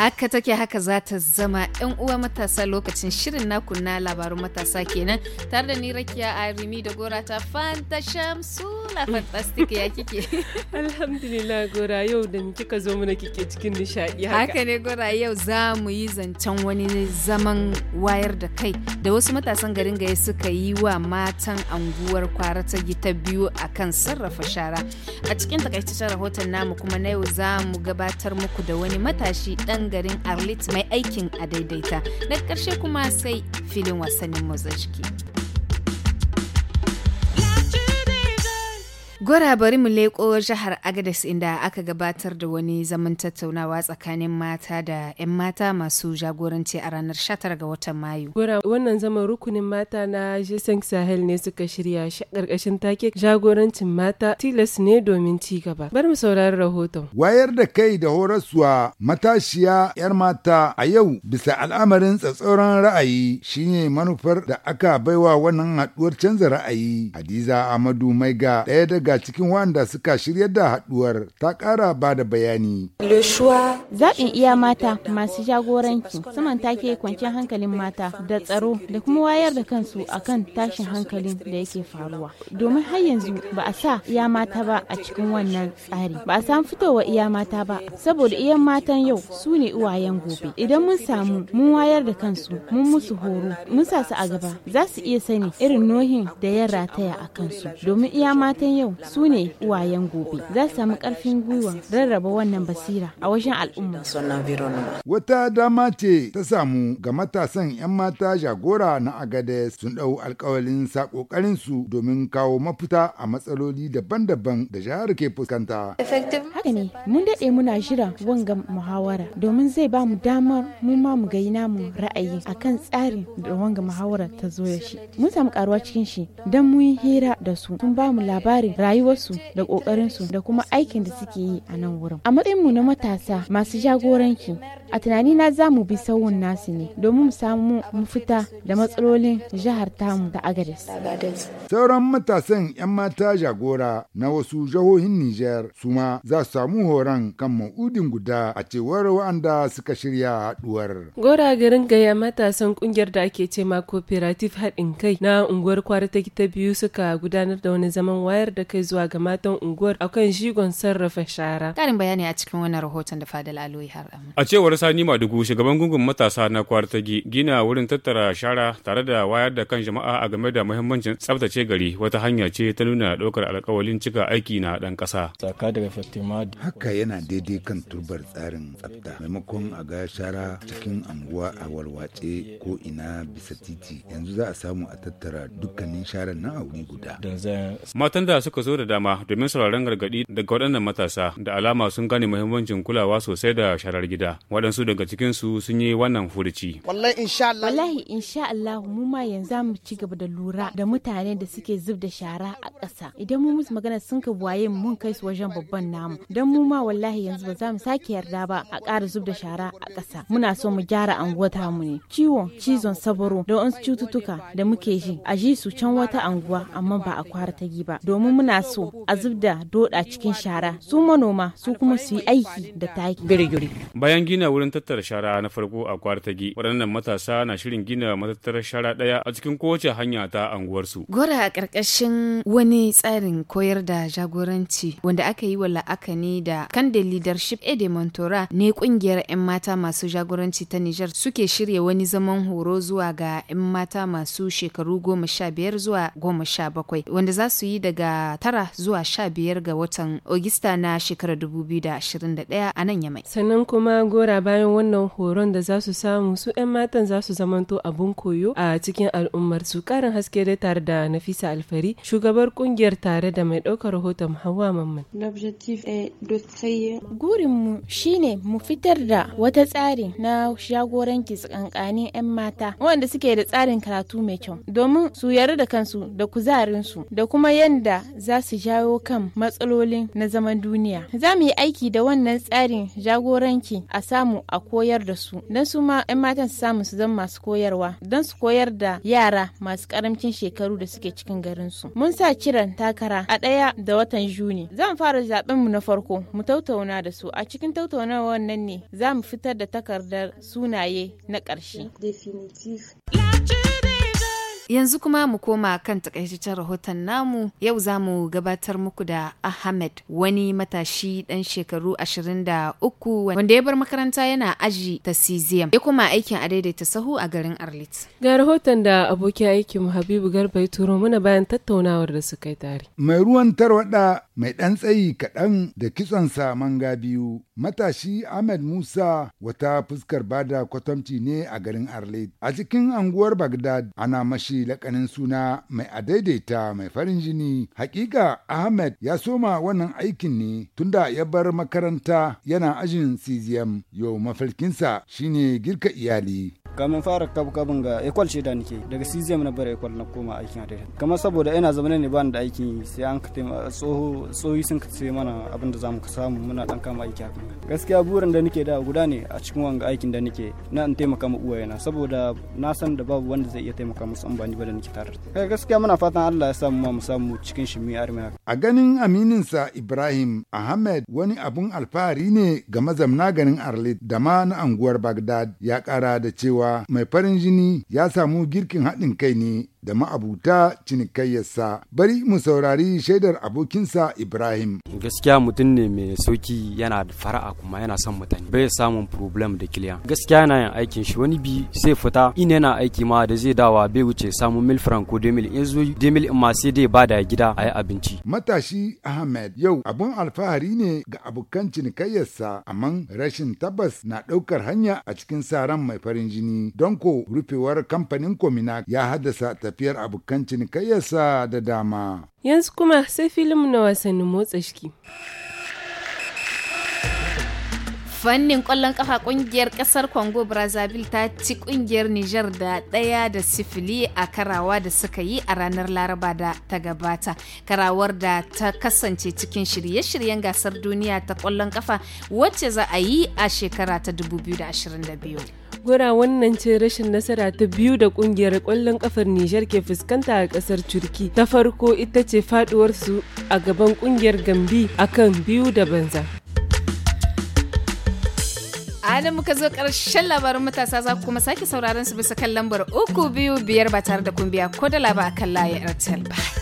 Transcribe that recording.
haka take haka za ta zama yan uwa matasa lokacin shirin na kunna labarun matasa kenan tare da ni rakiya a da gora ta fanta shamsu suna fantastic ya kike alhamdulillah gora yau da ni kika zo mana kike cikin nishadi haka haka ne gora yau za mu yi zancen wani zaman wayar da kai da wasu matasan garin gaya suka yi wa matan anguwar kwara ta ta biyu akan sarrafa shara a cikin takaitaccen rahoton namu kuma na yau za mu gabatar muku da wani matashi dan garin arlit mai aikin a daidaita na ƙarshe kuma sai filin wasannin motsa jiki Gora bari mu leƙo jihar Agadez inda aka gabatar da wani zaman tattaunawa tsakanin mata da 'yan mata masu jagoranci a ranar 19 ga watan Mayu. Gora wannan zaman rukunin mata na g Sahel ne suka shirya shi ƙarƙashin take jagorancin mata tilas ne domin ci gaba. bar mu saurari rahoton. Wayar da kai da horaswa matashiya 'yar mata a yau bisa al'amarin tsatsauran ra'ayi shine manufar da aka baiwa wannan haɗuwar canza ra'ayi. Hadiza Amadu Maiga ɗaya daga daga cikin wanda suka shirya da haduwar ta kara ba da bayani. Zaɓin iya mata masu jagoranci saman take kwanciyar hankalin mata da tsaro da kuma wayar da kansu akan tashin hankalin da yake faruwa. Domin har yanzu ba a sa iya mata ba a cikin wannan tsari. Ba a san fitowa iya mata ba saboda iya matan yau su ne uwayen gobe. Idan mun samu mun wayar da kansu mun musu horo mun sa su a gaba za su iya sani irin nohin da ya rataya a kansu. Domin iya matan yau su ne uwayen gobe za su samu karfin gwiwa rarraba wannan basira a wajen al'umma wata dama ce ta samu ga matasan 'yan mata jagora na agade sun dau alkawalin sa ƙoƙarin su domin kawo mafita a matsaloli daban-daban da jihar ke fuskanta haka ne mun daɗe muna jira wanga muhawara domin zai ba mu damar mun ma mu gayi namu ra'ayi akan tsarin da wanga muhawara ta zo da shi mun samu karuwa cikin shi don mu yi hira da su sun ba mu labarin rayuwarsu da ƙoƙarinsu da kuma aikin da suke yi a nan wurin. A mu na matasa masu jagoranci a tunani na za mu bi sauwun nasu ne domin mu samu mu fita da matsalolin jihar tamu ta agades Sauran matasan 'yan mata jagora na wasu jihohin niger su ma za su samu horon kan ma'udin guda a cewar wa'anda suka shirya haɗuwar. Gora garin gaya matasan kungiyar da ake ce ma cooperative haɗin kai na unguwar kwara ta biyu suka gudanar da wani zaman wayar da kai kai zuwa ga matan unguwar akan shigon sarrafa shara. Karin bayani a cikin wannan rahoton da Fadal Aloyi har A cewar Sani Madugu shugaban gungun matasa na kwartagi gina wurin tattara shara tare da wayar da kan jama'a a game da muhimmancin tsaftace gari wata hanya ce ta nuna ɗaukar alkawalin cika aiki na ɗan ƙasa. Haka yana daidai kan turbar tsarin tsafta maimakon a ga shara cikin anguwa a walwace ko ina bisa titi yanzu za a samu a tattara dukkanin sharan na a wuri guda. Matan da suka zo zo da dama domin sauraron gargadi daga waɗannan matasa da alama sun gane muhimmancin kulawa sosai da sharar gida waɗansu daga su sun yi wannan furuci. wallahi insha Allah mu ma yanzu mu ci gaba da lura da mutane da suke zub da shara a ƙasa idan mu musu magana sun ka waye mun kai su wajen babban namu dan mu ma wallahi yanzu ba za mu sake yarda ba a ƙara zub da shara a ƙasa muna so mu gyara anguwata mu ne ciwon cizon sabaro da wasu cututtuka da muke ji a ji su can wata anguwa amma ba a kwara ta ba domin muna so a zubda doda cikin shara su manoma su kuma su yi aiki da taki bayan gina wurin tattara shara na farko a kwartagi waɗannan matasa na shirin gina matattarar shara ɗaya a cikin kowace hanya ta anguwarsu gora a ƙarƙashin wani tsarin koyar da jagoranci wanda aka yi wa la'akani da kande leadership ede montora ne ƙungiyar 'yan mata masu jagoranci ta nijar suke shirya wani zaman horo zuwa ga 'yan mata masu shekaru goma sha biyar zuwa goma sha bakwai wanda za su yi daga tara zuwa sha biyar ga watan Ogista na shekarar 2021 a nan Yamai. Sannan kuma gora bayan wannan horon da za su samu su 'yan matan za su zamanto abun koyo a cikin al'ummar su karin haske dai tare da Nafisa Alfari shugabar kungiyar tare da mai ɗaukar rahoton hawa Mamman. Gurinmu shine mu fitar da wata tsari na jagoranci tsakankanin 'yan mata wanda suke da tsarin karatu mai kyau domin su yarda da kansu da kuzarinsu da kuma yadda za su jawo kan matsalolin na zaman duniya. Za mu yi aiki da wannan tsarin jagoranci a samu a koyar da su, don su ma 'yan matan su samu su zama masu koyarwa, don su koyar da yara masu karamcin shekaru da suke cikin garinsu. Mun sa kiran takara a ɗaya da watan Juni. Zan fara zaɓen mu na farko, mu tattauna da su. A cikin tattaunawar nan ne za mu fitar da takardar sunaye na ƙarshe. Yanzu kuma mu koma kan takaitaccen rahoton namu yau za mu gabatar muku da Ahmed wani matashi dan shekaru 23 wanda ya bar makaranta yana aji ta ya kuma aikin a daidaita sahu a garin Arlit. Ga rahoton da abokin aikin Habibu Garba ya turo mana bayan tattaunawar da suka yi tare. Mai ruwan tarwada mai ɗan tsayi kaɗan da kitson sa manga biyu matashi Ahmed Musa wata fuskar bada kwatamci ne a garin Arlit a cikin anguwar Bagdad ana mashi lakanin suna mai adaidaita mai farin jini. Hakika Ahmed ya soma wannan aikin ne tunda ya bar makaranta yana ajin CZM yau mafarkinsa shine girka iyali. kamin fara kabkabin ga ekwal ce da nake daga cgm na bara ekwal na koma aikin adai kamar saboda ina zama ne ba da aikin sai an ka tsoho tsohi sun ka ce mana abin da ka samu muna dan kama aiki hakan gaskiya burin da nake da guda ne a cikin wanga aikin da nake na in taimaka ma uwa yana saboda na san da babu wanda zai iya taimaka musu in ba ni ba da nake tare kai eh, gaskiya muna fatan Allah ya samu mu samu cikin mu yi a ganin aminin sa Ibrahim Ahmed wani abun alfahari ne ga mazamna ganin Arlit da ma na anguwar bagdad ya kara da cewa mai farin jini ya samu girkin haɗin kai ne da ma'abuta cinikayyarsa bari mu saurari shaidar abokinsa ibrahim gaskiya mutum ne mai sauki yana da fara'a kuma yana son mutane bai samun problem da kiliyan gaskiya yana yin aikin shi wani bi sai fita in yana aiki ma da zai dawa bai wuce samun mil franco demil in zo demil in ma sai dai ba gida a yi abinci matashi ahmed yau abun alfahari ne ga abokan cinikayyarsa amma rashin tabbas na ɗaukar hanya a cikin saran mai farin jini don ko rufewar kamfanin kominak ya haddasa ta tafiyar abokan cinikayyarsa da dama. Yanzu kuma sai filim na wasannin motsa shiki. fannin ƙwallon ƙafa ƙungiyar ƙasar congo brazzaville ta ci ƙungiyar nijar da ɗaya da sifili a karawa da suka yi a ranar laraba da ta gabata karawar da ta kasance cikin shirye-shiryen gasar duniya ta ƙwallon ƙafa wacce za a yi a shekara ta 2022 gura wannan ce rashin nasara ta biyu da kungiyar kwallon kafar Nijar ke fuskanta a kasar Turki. Ta farko ita ce faduwarsu a gaban kungiyar Gambi akan biyu da banza. Ana muka zo karshen labarin matasa za ku kuma sake sauraron su bisa kan lambar uku biyu biyar ba tare da kumbiya ko da laba akan layi airtel ba.